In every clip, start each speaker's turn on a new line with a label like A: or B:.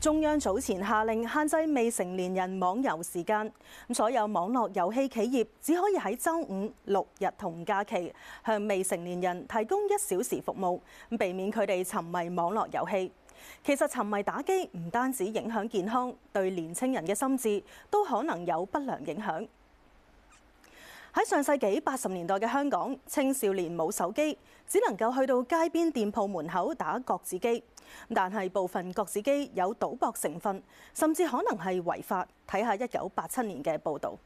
A: 中央早前下令限制未成年人網遊時間，所有網絡遊戲企業只可以喺周五、六日同假期向未成年人提供一小時服務，避免佢哋沉迷網絡遊戲。其實沉迷打機唔單止影響健康，對年青人嘅心智都可能有不良影響。喺上世紀八十年代嘅香港，青少年冇手機，只能夠去到街邊店鋪門口打角子機。但係部分角子機有賭博成分，甚至可能係違法。睇下一九八七年嘅報導，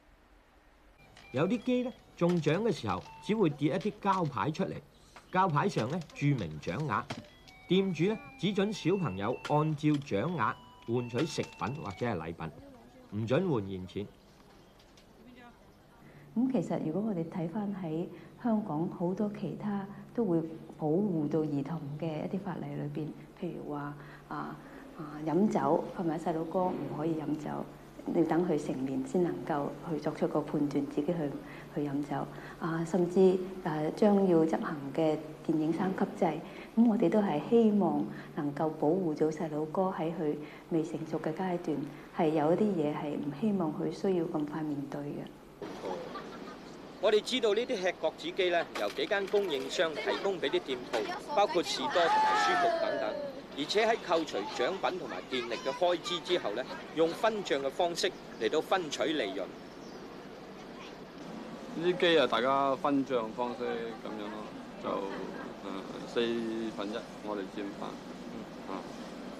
B: 有啲機呢中獎嘅時候，只會跌一啲膠牌出嚟，膠牌上呢註明獎額。店主呢只准小朋友按照獎額換取食品或者係禮品，唔准換現錢。
C: 咁其實，如果我哋睇翻喺香港好多其他都會保護到兒童嘅一啲法例裏邊，譬如話啊啊飲酒，同埋細佬哥唔可以飲酒，要等佢成年先能夠去作出個判斷，自己去去飲酒啊、呃，甚至誒、呃、將要執行嘅電影三級制，咁我哋都係希望能夠保護到細佬哥喺佢未成熟嘅階段，係有一啲嘢係唔希望佢需要咁快面對嘅。
B: 我哋知道呢啲吃角子機咧，由幾間供應商提供俾啲店鋪，包括士多同埋書局等等。而且喺扣除獎品同埋電力嘅開支之後咧，用分賬嘅方式嚟到分取利潤。呢啲機啊，大家分賬方式咁樣咯，就誒四分一我哋佔翻。嗯啊，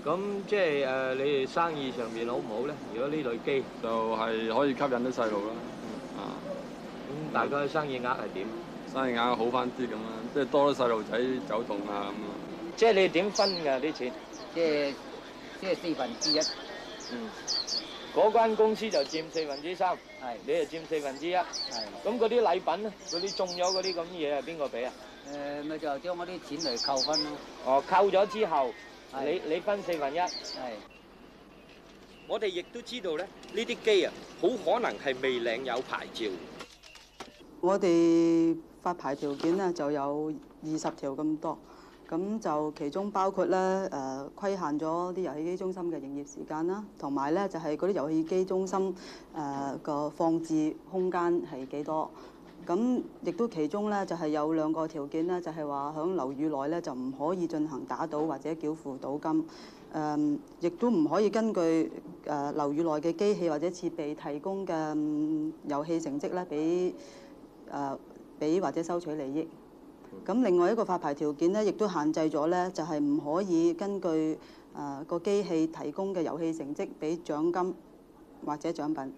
B: 咁即係誒你哋生意上面好唔好咧？如果呢類機，就係可以吸引啲細路啦。大家生意額係點？生意額好翻啲咁啦，即係多咗細路仔走動啊咁咯。即係你點分㗎啲錢？即係即係四分之一。嗯。嗰間公司就佔四分之三，係你就佔四分之一。係。咁嗰啲禮品咧，嗰啲中咗嗰啲咁嘢係邊個俾啊？誒，咪就將嗰啲錢嚟扣分咯。哦，扣咗之後，你你分四分一。係。我哋亦都知道咧，呢啲機啊，好可能係未領有牌照。
D: 我哋發牌條件咧就有二十條咁多，咁就其中包括咧誒規限咗啲遊戲機中心嘅營業時間啦，同埋咧就係嗰啲遊戲機中心誒、呃、個放置空間係幾多，咁亦都其中咧就係、是、有兩個條件咧，就係話響樓宇內咧就唔可以進行打賭或者繳付賭金，誒、呃、亦都唔可以根據誒、呃、樓宇內嘅機器或者設備提供嘅、嗯、遊戲成績咧俾。誒，俾、啊、或者收取利益。咁另外一個發牌條件咧，亦都限制咗咧，就係、是、唔可以根據誒、啊、個機器提供嘅遊戲成績，俾獎金或者獎品。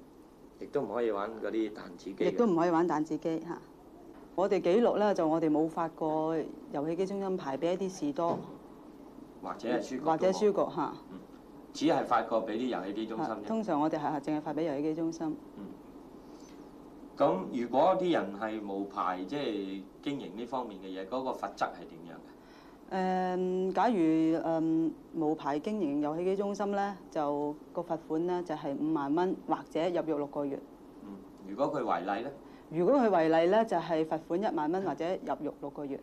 B: 亦都唔可以玩嗰啲彈子機。亦都唔可以
D: 玩彈子機嚇。我哋記錄咧，就我哋冇發過遊戲機中心牌俾一啲士多，
B: 或者係書局，或者書局嚇。只係發過俾啲遊、遊戲機中心。通
D: 常我哋係係淨係發俾遊戲機中心。
B: 咁如果啲人係無牌即係、就是、經營呢方面嘅嘢，嗰、那個罰則係點樣
D: 嘅？誒，假如誒、嗯、無牌經營遊戲機中心咧，就、那個罰款咧就係、是、五萬蚊，或者入獄六個月。嗯、
B: 如果佢違例呢，
D: 如果佢違例咧，就係、是、罰款一萬蚊，嗯、或者入獄六個月。